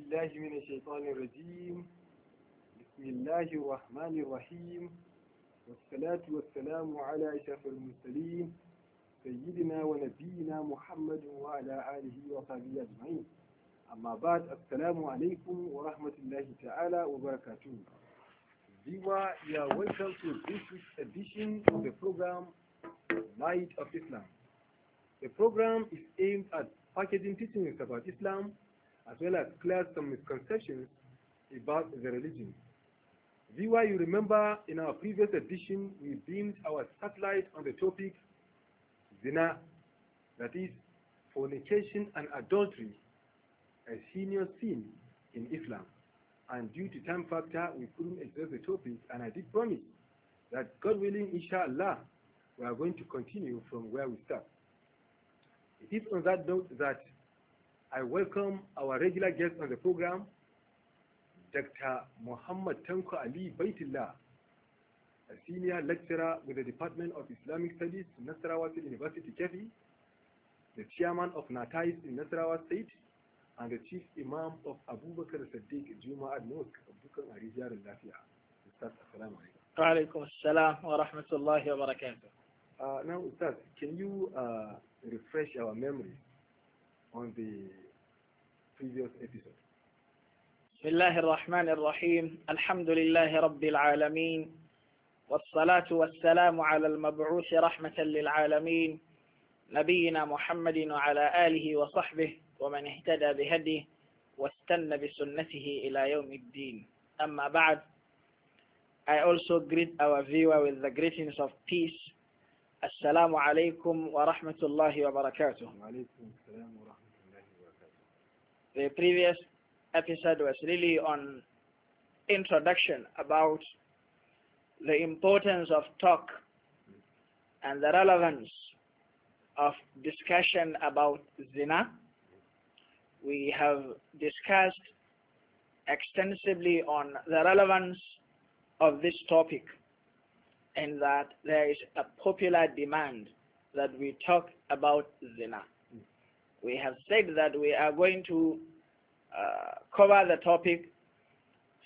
بالله من الشيطان الرجيم بسم الله الرحمن الرحيم والصلاة والسلام على أشرف المرسلين سيدنا ونبينا محمد وعلى آله وصحبه أجمعين أما بعد السلام عليكم ورحمة الله تعالى وبركاته Viva, you are welcome to this week's edition of the program Light of Islam. The program is aimed at packaging teachings about Islam as well as clear some misconceptions about the religion. Viewer, you remember in our previous edition, we beamed our satellite on the topic zina, that is fornication and adultery, a senior sin in Islam. And due to time factor, we couldn't address the topic, and I did promise that God willing, inshallah, we are going to continue from where we start. It is on that note that I welcome our regular guest on the program, Dr. Muhammad Tanko Ali Baitullah, a senior lecturer with the Department of Islamic Studies, Nasarawa State University, Kefi, the chairman of Natais in Nasarawa State, and the chief imam of Bakr Sadiq Juma Mosque. of Dukan Arijar Lafia. Ustaz, assalamu alaikum. Alaikum wa rahmatullahi wa barakatuh. Uh, now, Ustaz, can you uh, refresh our memories on the previous episode. بسم الله الرحمن الرحيم الحمد لله رب العالمين والصلاة والسلام على المبعوث رحمة للعالمين نبينا محمد وعلى آله وصحبه ومن اهتدى بهديه واستنى بسنته إلى يوم الدين أما بعد I also greet our viewer with the greetings of peace السلام عليكم ورحمة الله وبركاته The previous episode was really on introduction about the importance of talk and the relevance of discussion about zina. We have discussed extensively on the relevance of this topic and that there is a popular demand that we talk about zina. We have said that we are going to uh, cover the topic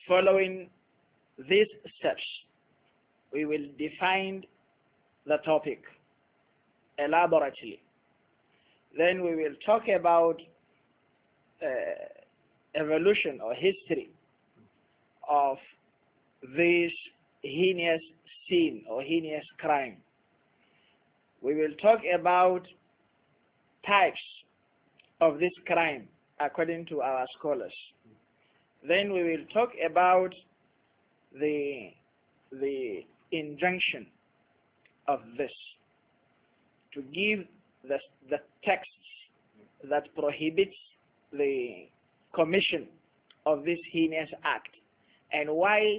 following these steps. We will define the topic elaborately. Then we will talk about uh, evolution or history of this heinous sin or heinous crime. We will talk about types of this crime according to our scholars. Then we will talk about the, the injunction of this to give the, the text that prohibits the commission of this heinous act and why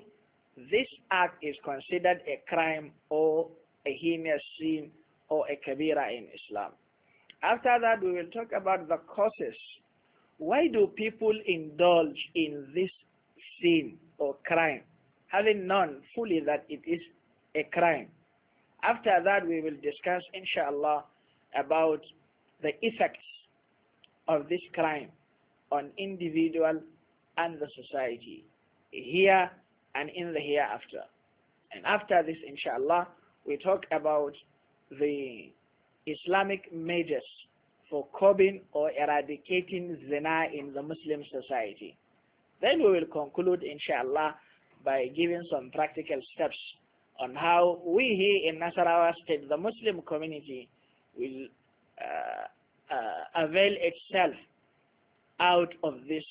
this act is considered a crime or a heinous sin or a kabira in Islam. After that, we will talk about the causes. Why do people indulge in this sin or crime, having known fully that it is a crime? After that, we will discuss, inshallah, about the effects of this crime on individual and the society. Here, and in the hereafter. And after this, inshallah, we talk about the Islamic measures for curbing or eradicating zina in the Muslim society. Then we will conclude, inshallah, by giving some practical steps on how we here in Nasarawa State, the Muslim community, will uh, uh, avail itself out of this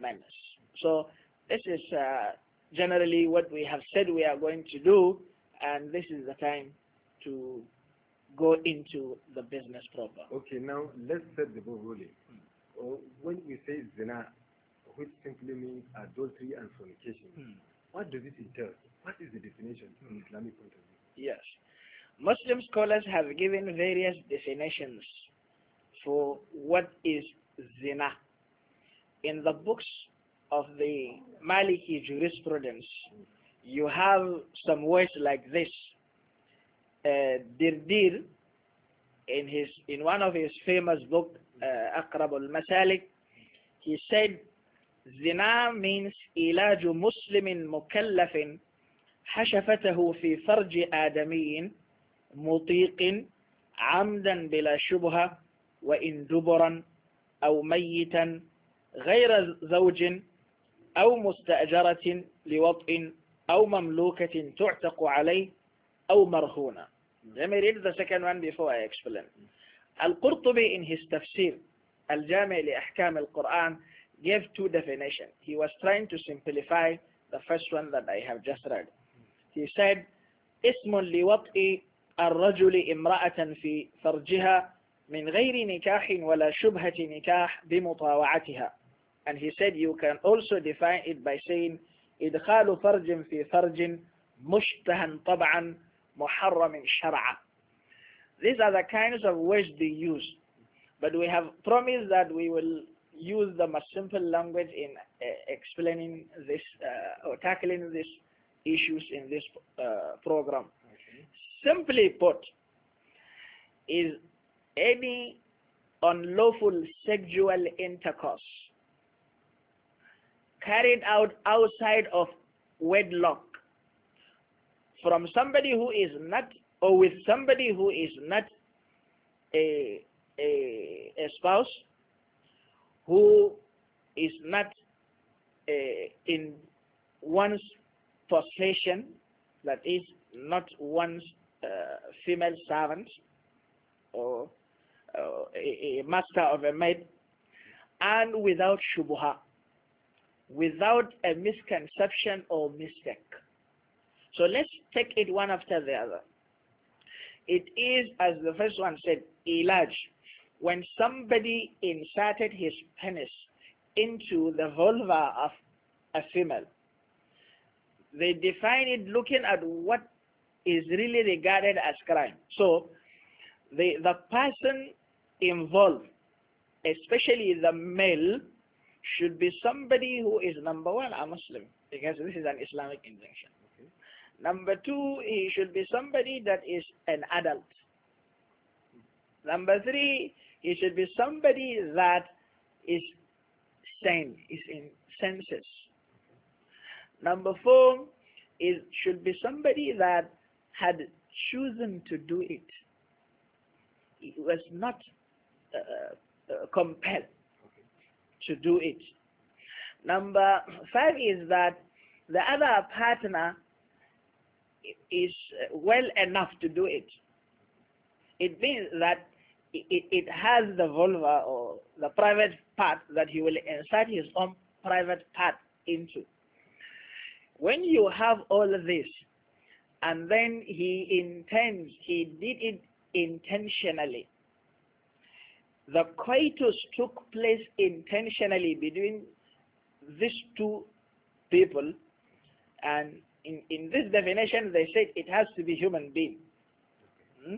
menace. So this is uh, generally what we have said we are going to do, and this is the time to go into the business proper. Okay, now let's set the ball rolling. Mm. When we say zina, which simply means adultery and fornication, mm. what does it entail? What is the definition from mm. Islamic point of view? Yes. Muslim scholars have given various definitions for what is zina. In the books of the Maliki jurisprudence, you have some words like this. Uh, Dirdir, in his in one of his famous book, uh, Aqrab al-Masalik, he said, "Zina means ilaju muslimin mukallafin حشفته في فرج آدمي مطيق عمدا بلا شبهة وإن دبرا أو ميتا غير زوج أو مستأجرة لوطء أو مملوكة تعتق عليه أو مرهونة Let me read the second one before I explain. القرطبي qurtubi in his tafsir, Al-Jami' li gave two definitions. He was trying to simplify the first one that I have just read. He said, اسم لوطء الرجل امرأة في فرجها من غير نكاح ولا شبهة نكاح بمطاوعتها And he said you can also define it by saying إدخال فرج في فرج مشتها طبعا محرم شرعا These are the kinds of words they use. But we have promised that we will use the most simple language in uh, explaining this uh, or tackling these issues in this uh, program. Okay. Simply put, is any unlawful sexual intercourse carried out outside of wedlock from somebody who is not or with somebody who is not a, a, a spouse who is not a, eh, in one's possession that is not one's uh, female servant or uh, a, a master of a maid and without shubha without a misconception or mistake. So let's take it one after the other. It is, as the first one said, ilaj. When somebody inserted his penis into the vulva of a female, they define it looking at what is really regarded as crime. So the, the person involved, especially the male, should be somebody who is number one, a Muslim, because this is an Islamic injunction. Okay. Number two, he should be somebody that is an adult. Number three, he should be somebody that is sane, is in senses. Number four, it should be somebody that had chosen to do it. He was not uh, uh, compelled to do it. Number five is that the other partner is well enough to do it. It means that it, it has the vulva or the private part that he will insert his own private part into. When you have all of this, and then he intends, he did it intentionally, the coitus took place intentionally between these two people and in, in this definition they said it has to be human being hmm?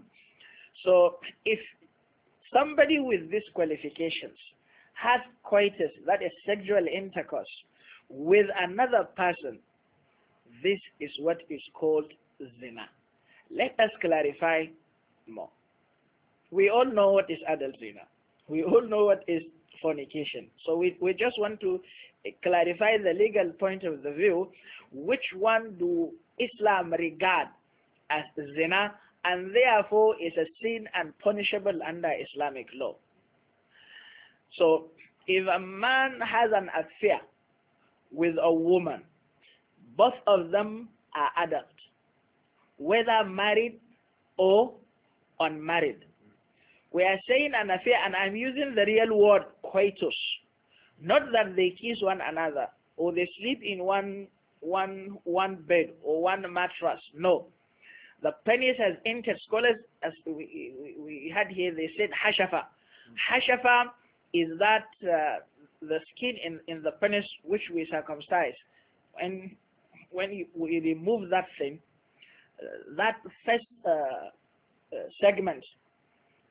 so if somebody with these qualifications has coitus that is sexual intercourse with another person this is what is called zina let us clarify more we all know what is adult zina we all know what is fornication. So we, we just want to clarify the legal point of the view. Which one do Islam regard as zina and therefore is a sin and punishable under Islamic law? So if a man has an affair with a woman, both of them are adults, whether married or unmarried. We are saying an affair, and I'm using the real word coitus. Not that they kiss one another or they sleep in one one one bed or one mattress. No. The penis has entered scholars as we, we, we had here they said hashafa. Hashafa is that uh, the skin in, in the penis which we circumcise. And when you, we remove that thing, uh, that first uh, uh segment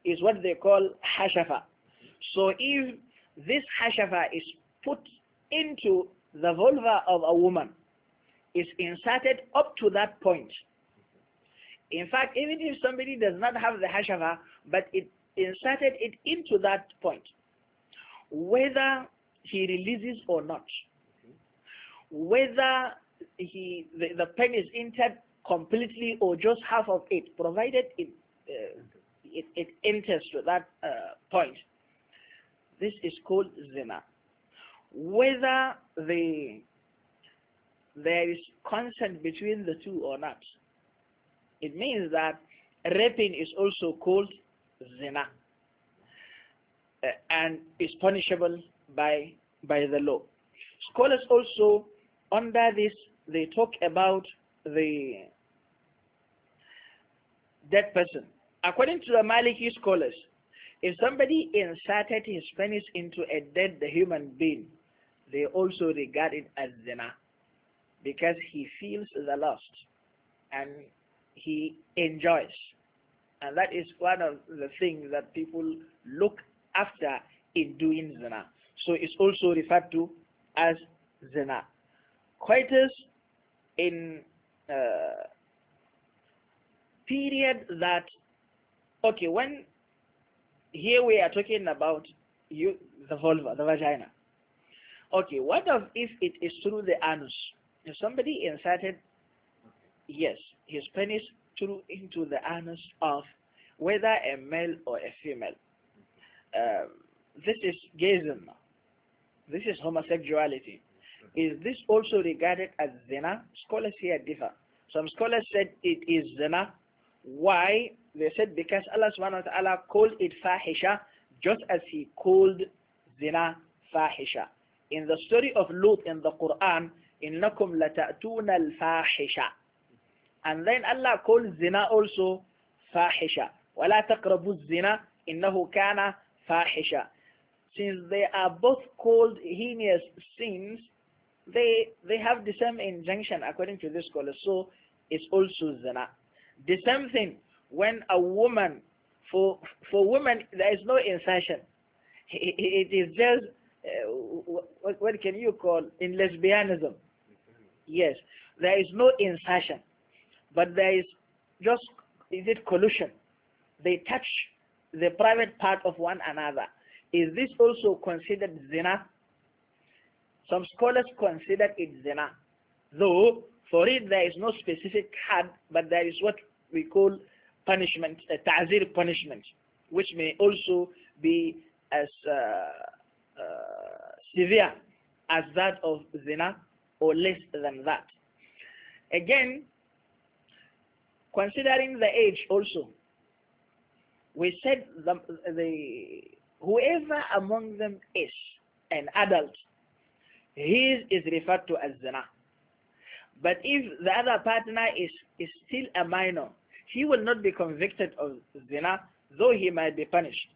is what they call hashafa. So if this hashafa is put into the vulva of a woman, is inserted up to that point. In fact, even if somebody does not have the hashava, but it inserted it into that point, whether he releases or not, whether he the, the pen is entered completely or just half of it, provided it uh, it, it enters to that uh, point. This is called zina. Whether the there is consent between the two or not, it means that raping is also called zina uh, and is punishable by by the law. Scholars also under this they talk about the dead person According to the Maliki scholars, if somebody inserted his penis into a dead human being, they also regard it as zina because he feels the lust and he enjoys. And that is one of the things that people look after in doing zina. So it's also referred to as zina. Coitus in uh, period that okay when here we are talking about you the vulva the vagina okay what of if it is through the anus if somebody inserted yes his penis through into the anus of whether a male or a female um, this is gayism this is homosexuality is this also regarded as zina scholars here differ some scholars said it is zina why they said because Allah subhanahu wa ta'ala called it fahisha just as he called zina fahisha. In the story of Lut in the Quran, innakum lata'tuna al-fahisha. And then Allah called zina also fahisha. ولا تقربوا الزنا إنه كان fahisha. Since they are both called heinous sins, they they have the same injunction according to this scholar. So it's also zina. The same thing when a woman, for, for women, there is no insertion. It is just, uh, what, what can you call, in lesbianism. Yes, there is no insertion, but there is just, is it collusion? They touch the private part of one another. Is this also considered zina? Some scholars consider it zina, though for it there is no specific had, but there is what we call punishment, a ta'zir punishment, which may also be as uh, uh, severe as that of zina or less than that. Again, considering the age also, we said the, the whoever among them is an adult, his is referred to as zina. But if the other partner is, is still a minor, he will not be convicted of zina, though he might be punished.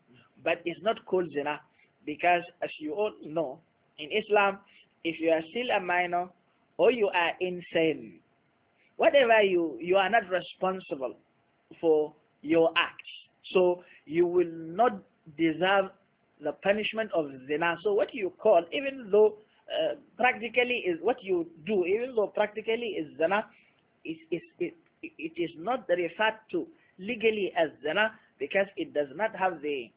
But it's not called zina because, as you all know, in Islam, if you are still a minor or you are insane, whatever you you are not responsible for your acts, so you will not deserve the punishment of zina. So what you call, even though uh, practically is what you do, even though practically is zina, is is it is not referred to legally as zina because it does not have the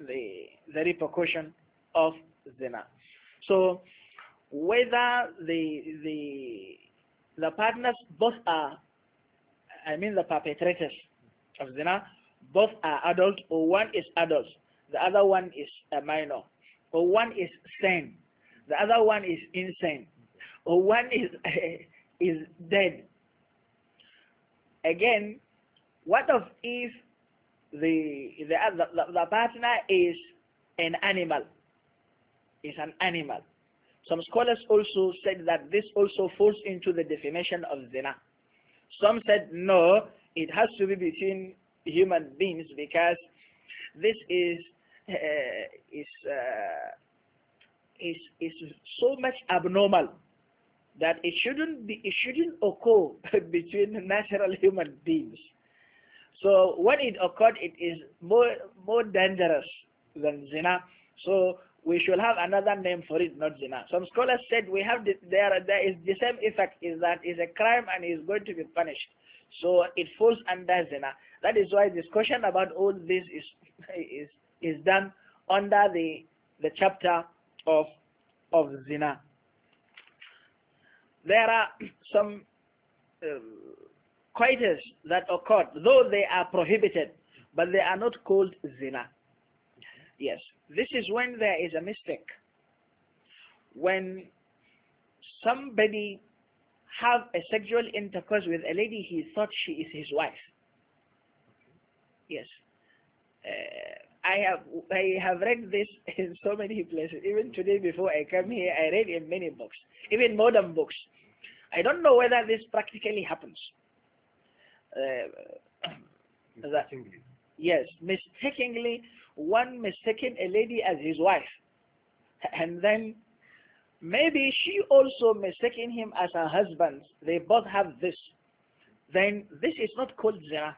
the, the repercussion of zina. So whether the the the partners both are I mean the perpetrators of zina both are adults or one is adult the other one is a minor or one is sane the other one is insane or one is is dead again, what of if the uh, the the, the partner is an animal? Is an animal. Some scholars also said that this also falls into the definition of zina. Some said no, it has to be between human beings because this is uh, is uh, is is so much abnormal that it shouldn't be it shouldn't occur between natural human beings. So when it occurred, it is more more dangerous than zina. So we should have another name for it, not zina. Some scholars said we have the, there there is the same effect is that is a crime and is going to be punished. So it falls under zina. That is why discussion about all this is is is done under the the chapter of of zina there are some uh, coitus that occur, though they are prohibited, but they are not called zina. Yes, this is when there is a mistake. When somebody have a sexual intercourse with a lady he thought she is his wife. Yes. Uh, I have I have read this in so many places. Even today before I come here, I read in many books, even modern books. I don't know whether this practically happens. Uh, that, yes, mistakenly, one mistaken a lady as his wife, and then maybe she also mistaken him as her husband. They both have this. Then this is not called zera,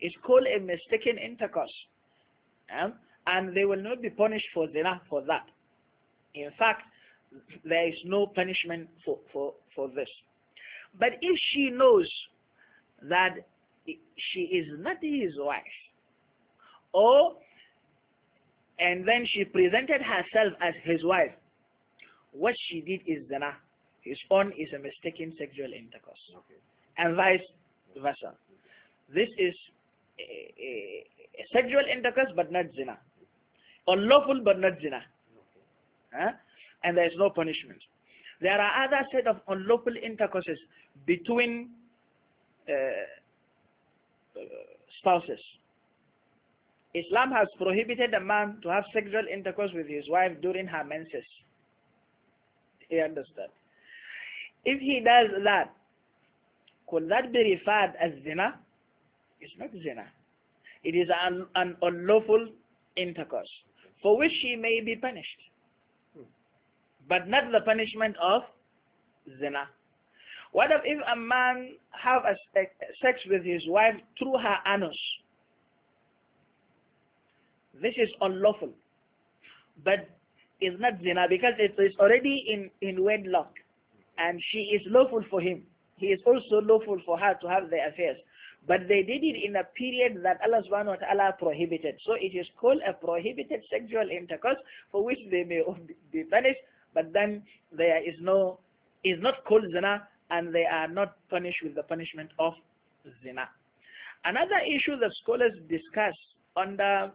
It's called a mistaken intercourse. Eh? and they will not be punished for zina for that. In fact, there is no punishment for, for, for this. But if she knows that she is not his wife, or and then she presented herself as his wife, what she did is zina. His own is a mistaken sexual intercourse, okay. and vice versa. This is a, a, sexual intercourse but not zina, or lawful but not zina. Huh? And there is no punishment. There are other set of unlawful intercourses between uh, uh spouses. Islam has prohibited a man to have sexual intercourse with his wife during her menses. He understand? If he does that, could that be referred as zina? It's not zina. It is an, an unlawful intercourse for which she may be punished. But not the punishment of zina. What if a man have a sex with his wife through her anus? This is unlawful. But is not zina because it is already in, in wedlock and she is lawful for him. He is also lawful for her to have their affairs. But they did it in a period that Allah subhanahu wa ta'ala prohibited. So it is called a prohibited sexual intercourse for which they may be punished, but then there is no, is not called zina, and they are not punished with the punishment of zina. Another issue that scholars discuss under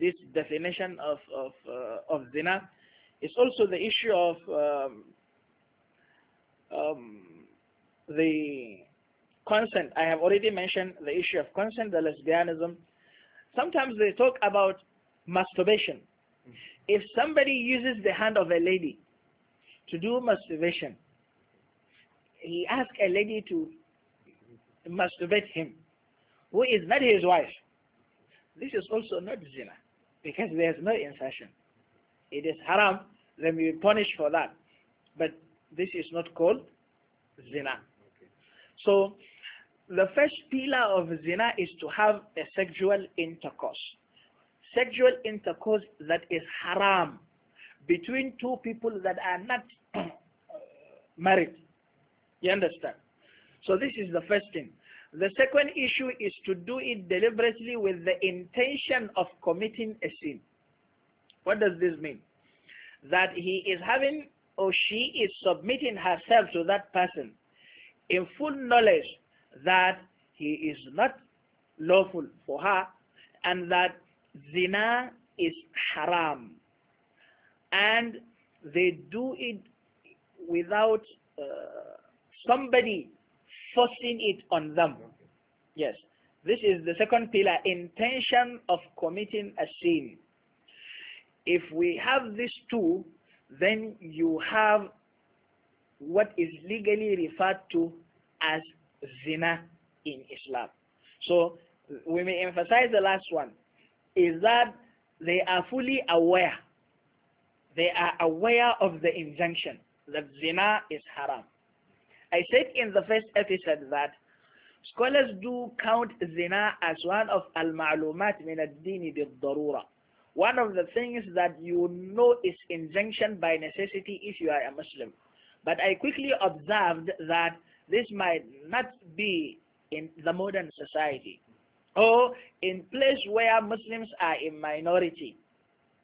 this definition of, of, uh, of zina is also the issue of um, um, the consent. I have already mentioned the issue of consent, the lesbianism. Sometimes they talk about masturbation. Mm. If somebody uses the hand of a lady to do masturbation, he asks a lady to masturbate him, who is not his wife. This is also not zina, because there is no insertion. It is haram, then we punish for that. But this is not called zina. Okay. So the first pillar of zina is to have a sexual intercourse. Sexual intercourse that is haram between two people that are not married. You understand? So this is the first thing. The second issue is to do it deliberately with the intention of committing a sin. What does this mean? That he is having or she is submitting herself to that person in full knowledge that he is not lawful for her and that zina is haram and they do it without uh, somebody forcing it on them yes this is the second pillar intention of committing a sin if we have these two then you have what is legally referred to as zina in Islam. So we may emphasize the last one is that they are fully aware. They are aware of the injunction that zina is haram. I said in the first episode that scholars do count zina as one of al-ma'lumat min ad-din bil-darura. One of the things that you know is injunction by necessity if you are a Muslim. But I quickly observed that this might not be in the modern society or in place where Muslims are in minority.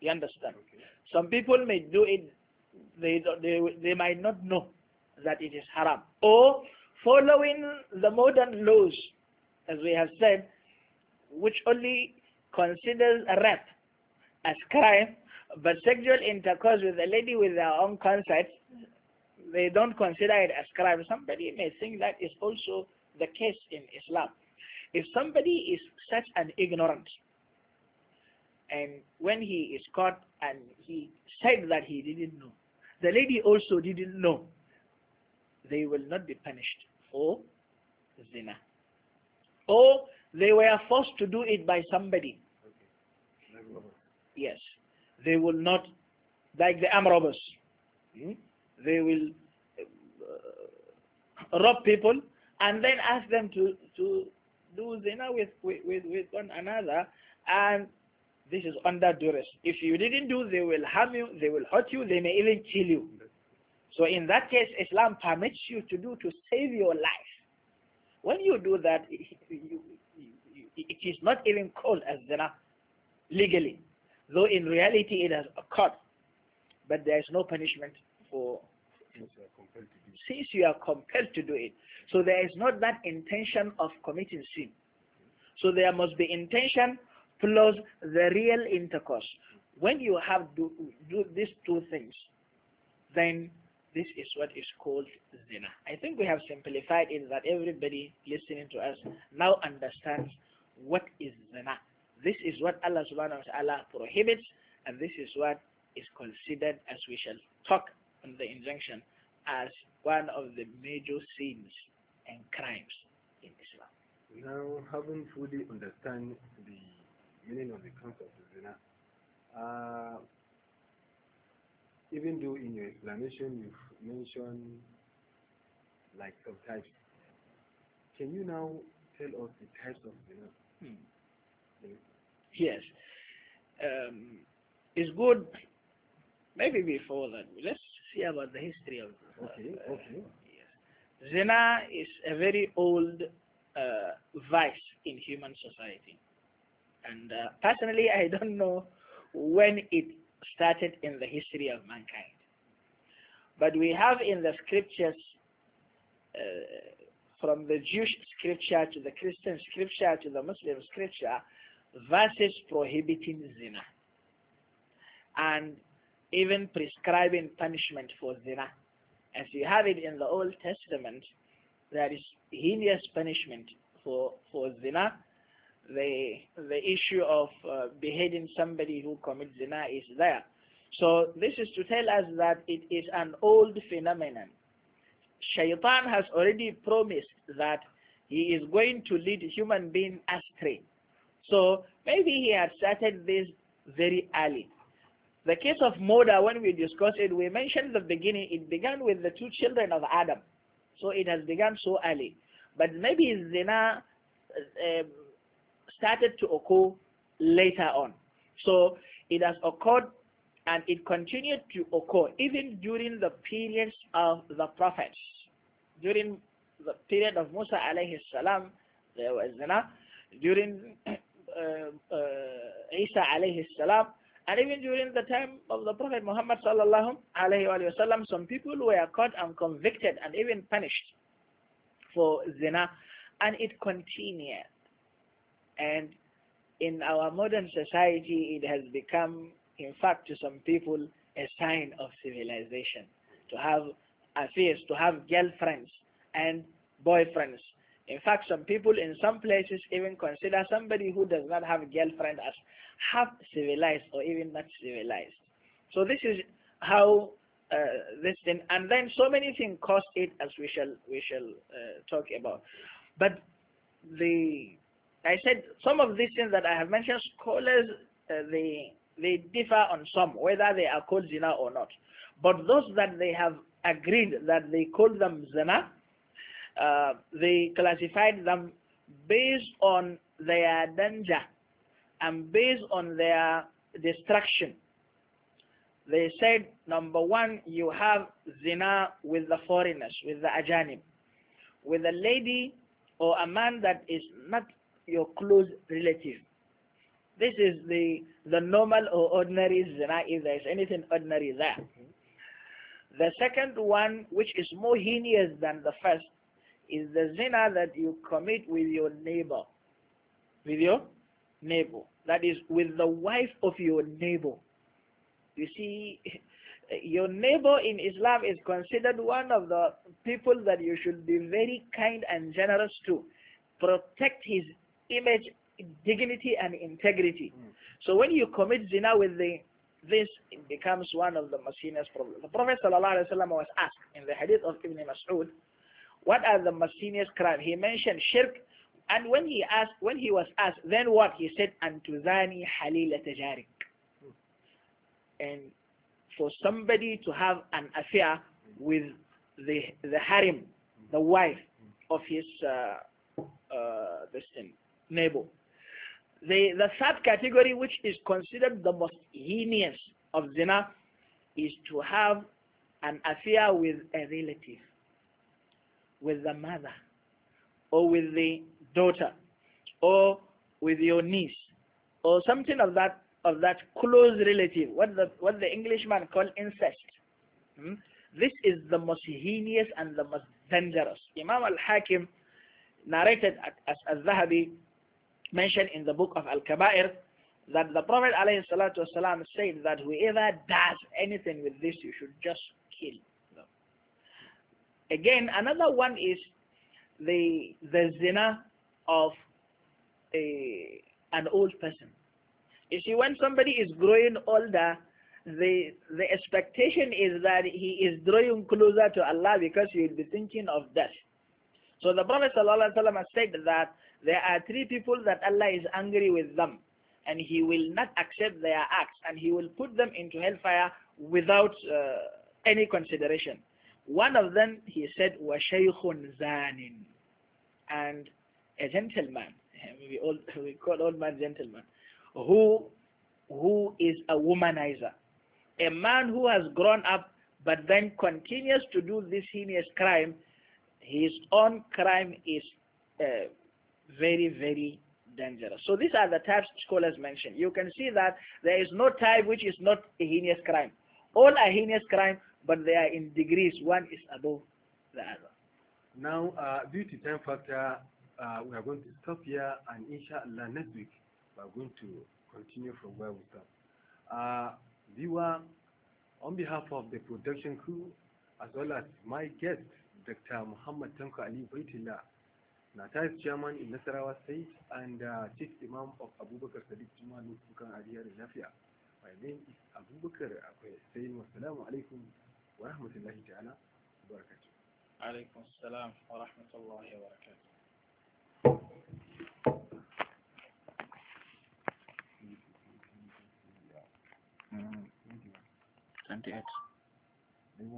You understand? Okay. Some people may do it, they, they, they might not know that it is haram. Or following the modern laws, as we have said, which only considers rape as crime, but sexual intercourse with a lady with her own consent they don't consider it as crime. Somebody may think that is also the case in Islam. If somebody is such an ignorant, and when he is caught and he said that he didn't know, the lady also didn't know, they will not be punished for zina. Or they were forced to do it by somebody. Okay. Yes. They will not, like the arm hmm? they will uh, rob people and then ask them to, to do zina with, with, with one another and this is under duress. If you didn't do, they will harm you, they will hurt you, they may even kill you. So in that case, Islam permits you to do to save your life. When you do that, it is not even called as zina legally, though in reality it has occurred. But there is no punishment for since you, are compelled to do it. So there is not that intention of committing sin. So there must be intention plus the real intercourse. When you have do, do these two things, then this is what is called zina. I think we have simplified it that everybody listening to us now understands what is zina. This is what Allah subhanahu wa ta'ala prohibits and this is what is considered as we shall talk the injunction as one of the major sins and crimes in Islam. Now, having fully understand the meaning of the concept of zina, uh, even though in your explanation you've mentioned like types, can you now tell us the types of zina? Hmm. Yes. Um, it's good. Maybe before that, let's about the history of this. Okay, uh, Yes. Zina is a very old uh, vice in human society. And uh, personally, I don't know when it started in the history of mankind. But we have in the scriptures, uh, from the Jewish scripture to the Christian scripture to the Muslim scripture, verses prohibiting zina. And even prescribing punishment for zina. As you have it in the Old Testament, there is heinous punishment for, for zina. The, the issue of uh, beheading somebody who commits zina is there. So this is to tell us that it is an old phenomenon. Shaitan has already promised that he is going to lead human being astray. So maybe he had started this very early. The case of murder, when we discussed it, we mentioned the beginning, it began with the two children of Adam. So it has begun so early. But maybe zina uh, um, started to occur later on. So it has occurred and it continued to occur even during the periods of the prophets. During the period of Musa alayhi salam, there was zina. During uh, uh, Isa alayhi salam, and even during the time of the Prophet Muhammad sallallahu alayhi wa some people were caught and convicted and even punished for zina. And it continued. And in our modern society, it has become, in fact, to some people, a sign of civilization. To have affairs, to have girlfriends and boyfriends in fact, some people in some places even consider somebody who does not have a girlfriend as half civilized or even not civilized. So this is how uh, this thing, and then so many things cause it, as we shall we shall uh, talk about. But the I said some of these things that I have mentioned, scholars uh, they they differ on some whether they are called zina or not. But those that they have agreed that they call them zina, uh, they classified them based on their danger and based on their destruction. They said, number one, you have zina with the foreigners, with the ajanim, with a lady or a man that is not your close relative. This is the, the normal or ordinary zina, if there is anything ordinary there. Mm-hmm. The second one, which is more heinous than the first, is the zina that you commit with your neighbor. With your neighbor. That is with the wife of your neighbor. You see, your neighbor in Islam is considered one of the people that you should be very kind and generous to. Protect his image, dignity and integrity. Mm. So when you commit zina with the this becomes one of the most heinous problems. The Prophet ﷺ was asked in the hadith of Ibn Mas'ud, what are the heinous crime? He mentioned shirk. And when he asked, when he was asked, then what? He said, Antuzani halila tajarik. And for somebody to have an affair with the the harem, the wife of his uh, uh, neighbor. The the third category, which is considered the most heinous of zina, is to have an affair with a relative with the mother or with the daughter or with your niece or something of that of that close relative what the what the Englishman call incest hmm? this is the most heinous and the most dangerous Imam al-Hakim narrated as al-Zahabi mentioned in the book of al-Kaba'ir that the Prophet ﷺ said that whoever does anything with this you should just kill Again, another one is the the zina of a, an old person. You see, when somebody is growing older, the the expectation is that he is drawing closer to Allah because he will be thinking of death. So the Prophet ﷺ said that there are three people that Allah is angry with them and he will not accept their acts and he will put them into hellfire without uh, any consideration. One of them, he said, Shaykhun زَانٍ And a gentleman, we, we call old man gentleman, who, who is a womanizer. A man who has grown up but then continues to do this heinous crime, his own crime is uh, very, very dangerous. So these are the types scholars mentioned. You can see that there is no type which is not a heinous crime. All are heinous crime, but they are in degrees. One is above the other. Now, uh, due to time factor, uh, we are going to stop here, and inshallah, next week we are going to continue from where we start. Uh, viewer, on behalf of the production crew, as well as my guest, Dr. Muhammad Tanko Ali Baitila, Natais Chairman in Nasarawa State and uh, Chief Imam of Abubakar Sadiq Juma Nusukan in Nafia. My name is Abubakar Akwai. Saying wassalamu alaikum ورحمة الله تعالى وبركاته عليكم السلام ورحمة الله وبركاته mm. Twenty-eight.